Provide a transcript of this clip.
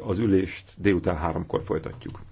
az ülést délután háromkor folytatjuk.